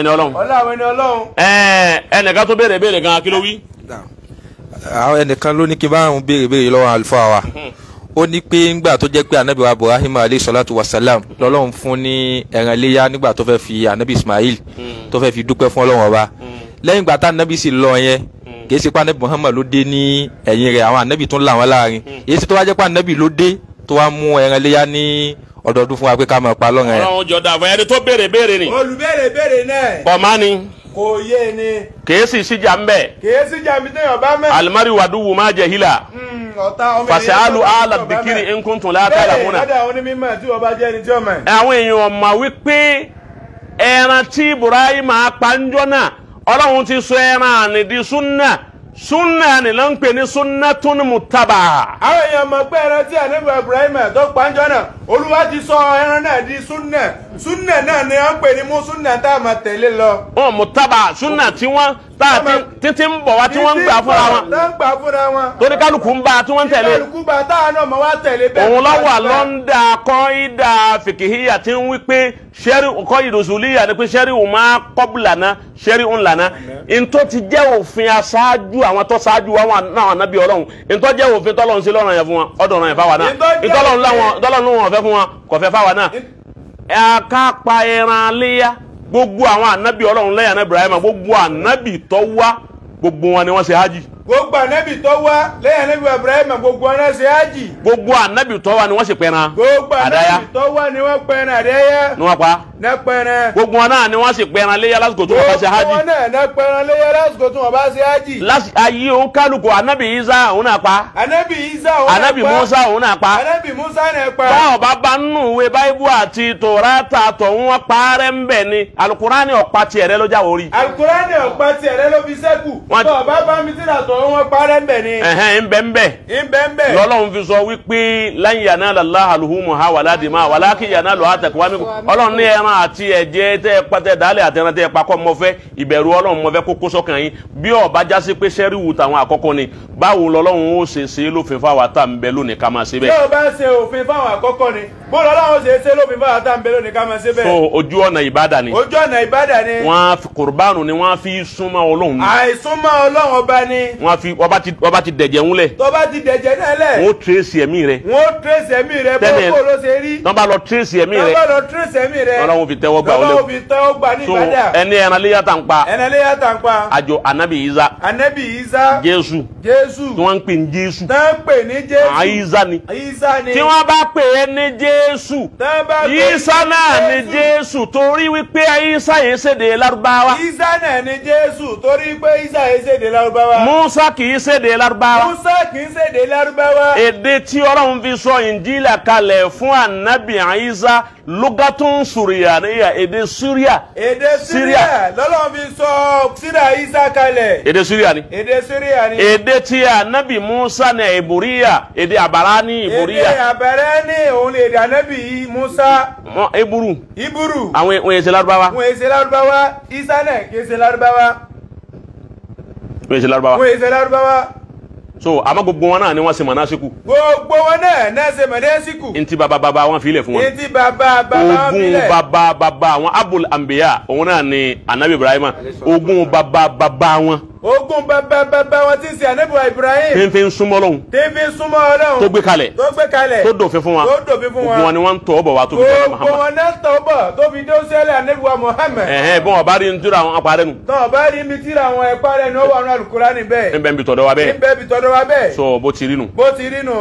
ẹni ọlọ́run. ọlọ́run ẹni ọlọ́run. ẹẹ ẹnìkan tó béèrè béèrè gan kí ló wí. àwọn ẹnìkan ló ní kí n bá àwọn béèrè béèrè lọ́wọ́ àlùfáà wa mhm. ó ní pé ńgbà tó jẹ́ pé anabi wa ibrahim alayhi salatu wa salam lọ́lọ́run fún ní ẹran iléyà nígbà tó fẹ́ fi anabi ismail mhm. tó fẹ́ fi dúpẹ́ fún ọlọ́run ọba mhm. lẹ́yìn ìgbà tá anabi sì lọ yẹn kìí ṣe pé anabi muhammad ló dé ní ẹ̀yìn rẹ̀ àwọn anabi tún là wọn láàrin èyí sì tó wá jẹ́ pé anabi ló dé tó wá mú ẹran iléyà ní ọdọọdún fún wa pé ká máa pa lọ́rùn ẹ̀. ọlọ́run jọ dà fún ẹni tó béèrè béèrè ni. olùbéèrè béèrè náà. kọ̀ọ̀má ni. kò yé ni. kèésì síjà ń bẹ̀. kèésì jà mí téèyàn bá mẹ́. alimari wàdúwù má jẹ hílà. fasalu ala dikiri nkuntun látàlà múna. bẹ́ẹ̀ ọ̀dà onímọ̀ tí wọ́n bá jẹ́ ẹni tí àwọn èèyàn mọ̀ wípé ti sọ ẹran ànídìí súnà súnà ni ló ń pè ní súnà tún mú tábà. àwọn èèyàn mọ̀ pé ẹran tí àníbù Ibrahim tó panjọ náà olúwa ti sọ ẹran náà di súnà súnà náà ni wọn pè ní mú súnà tá a máa tẹ̀lé lọ. wọn mú tábà súnà tí wọn tá a títí ń bọ̀ wá tí wọ́n ń gbà fúnra wọn. tó ń gbà fúnra wọn. torí kálukú ń bá tí wọ́n ń tẹ̀lé. kálukú bá tá a náà mọ̀ wá tẹ̀lé bẹ́ẹ̀. òun lọ́wọ́ àlọ́ńdà kọ́ńdà fìkìhíyà tí ń wí pé sẹ́rí kọ́ ìdòsùlíyà ni pé sẹ́rí òun máa kọ́bù lànà sẹ́rí òun lànà. ntó ti jẹ́ òfin aṣáájú àwọn tó ṣáájú àwọn ànábì ọlọ́run ntó jẹ́ òfin tọ́lọ́run sí lọ́rùn yẹn fún wọn ọ̀dọ̀ fẹ́ fún wọn kò fẹ́ fáwa náà ẹ pa ẹran léyà gbogbo àwọn ànábì ọlọ́run lẹ́yìn ànábì Ibrahim gbogbo ànábì tó gbogbo wọn ni wọ́n ṣe hájì gbogbo anabi tó wá lẹ́yìn anabi ibrahim gbogbo ọ̀nà ṣe ájì. gbogbo anabi tó wá ni wọ́n ṣe pẹ́ran. gbogbo anabi tó wá ni wọ́n pẹ́ran adaya. ni wọ́n pa. ne pẹ́ran. gbogbo ọ̀nà ni wọ́n ṣe pẹ́ran léyà lásìkò tó wọ́n bá ṣe ájì. gbogbo ọ̀nà ne pẹ́ran léyà lásìkò tó wọ́n bá ṣe ájì. láti ayé òun kálukú anabi isa òun náà pa. anabi isa òun náà pa. anabi musa òun náà pa. anabi musa náà pa. bá ọba bá nù ìwé báíbù àti tòrátà tọ̀hún wọn parẹ́ ń bẹ̀ ni alukurani ọ̀pá tiẹ̀ rẹ ló jáwọ́ rí. alukurani wọn parẹ́ ńbẹ̀ ni. ẹ̀hẹ́n ńbẹ̀ ńbẹ̀. ńbẹ̀ ńbẹ̀. lọ́lọ́run fi sọ wípé lan yanala ala luhumuha wala dimaha walakin yanaluha taqwa minkum ọlọ́run ní ẹran àti ẹ̀jẹ̀ tẹ́ ẹ pàtẹ́ dálẹ̀ àtẹ̀ràn tẹ́ ẹ pakọ́ kókó yín bí tàwọn ni báwo ó ṣe ṣe lófin ń bẹ lónìí ká máa ṣe wọn fi wọn bá ti wọn bá ti dẹ̀jẹ̀ ń lẹ̀. tó bá ti dẹ̀jẹ̀ náà lẹ̀. wọn ó tírèsì ẹ̀mí rẹ. wọn ó tírèsì ẹ̀mí rẹ bó kó ló ṣe rí. tọ́ bá lọ tírèsì ẹ̀mí rẹ. tọ́ bá lọ tírèsì ẹ̀mí rẹ. lọ́lọ́wọ́ fi tẹ́wọ́ gbà ó lé. lọ́lọ́wọ́ fi tẹ́wọ́ gbà ní ìbàdà. so ẹni ẹranléyà tá n pa. ẹranléyà tá n pa. àjọ anabi isa. anabi isa. jésù. jésù. tí wọ́n ń pè ní jésù. tán pè isa ah, ni. isa ni. tí wọ́n bá pè é ní jésù. tán isa náà ni jésù torí wípé isa yẹn ṣèdè lárúbáwá. isa náà ni jésù torí isa yẹn ṣèdè lárúbáwá. musa Musa kì í ṣèdè Lárúbáwá. Musa kì í ṣèdè Lárúbáwá. Èdè tí Ọlọ́run fi sọ Ìnjílà kalẹ̀ fún ànábì Àyíṣá lógátún Sùrìyàníyà èdè Síríà. Èdè Síríà lọ́lọ́run fi sọ Síríà Àyíṣá kalẹ̀. Èdè Síríà ni. Èdè Síríà ni. Èdè tí ànábì Musa ní Ìbòríyà èdè àbàrá ní Ìbòríyà. Èdè àbàrá ní òun ni èdè ànábì Musa. Ìbúrú. Ìbúrú. Àwọn èsè Lárúbáwá. Àwọn èsè Lárúbáwá. Ìsá náà kì í ṣe Lárúbáwá wọ́n ṣe lárúbáwá. wọ́n so àmọ́ gbogbo wọn náà ni wọ́n ṣe mọ̀násíkù. gbogbo wọn náà náà ṣe mọ̀násíkù. ntí bàbá bàbá wọn fi ilẹ̀ fún wọn. ntí bàbá bàbá wọn fi ilẹ̀. ogun bàbá bàbá wọn abul anbiya òun náà ni anabi ibrahima ogun bàbá bàbá wọn ogun bàbá bàbá wọn ti ṣe anabiwa ibrahim. tẹ́ńtẹ́ ń súnmọ́ lọ́hùn. tẹ́ńtẹ́ ń súnmọ́ lọ́hùn. tó gbé kalẹ̀. tó gbé kalẹ̀. tó dòfin fún wa. tó dòfin fún wa. ogun wọn ni wọ́n ń tọ́ bọ̀ wá tóbi dẹ́sẹ̀ muhammad. ogun wọn náà tọ́ bọ̀ tóbi dẹ́sẹ̀ anabiwa muhammad. ẹ̀hẹ́n bọ́n ọba rí ntúra àwọn apárẹ́ nu. tọ́ ọba rí mi tíra àwọn ẹ̀párẹ́ nu ó wà nù alukura ni bẹ́ẹ̀. nbẹ nbi tọ̀dọ̀ wa bẹ́ẹ̀. nbẹ nbi tọ̀dọ̀ wa bẹ́ẹ̀. sọ bó ti rí nu. bó ti rí nu.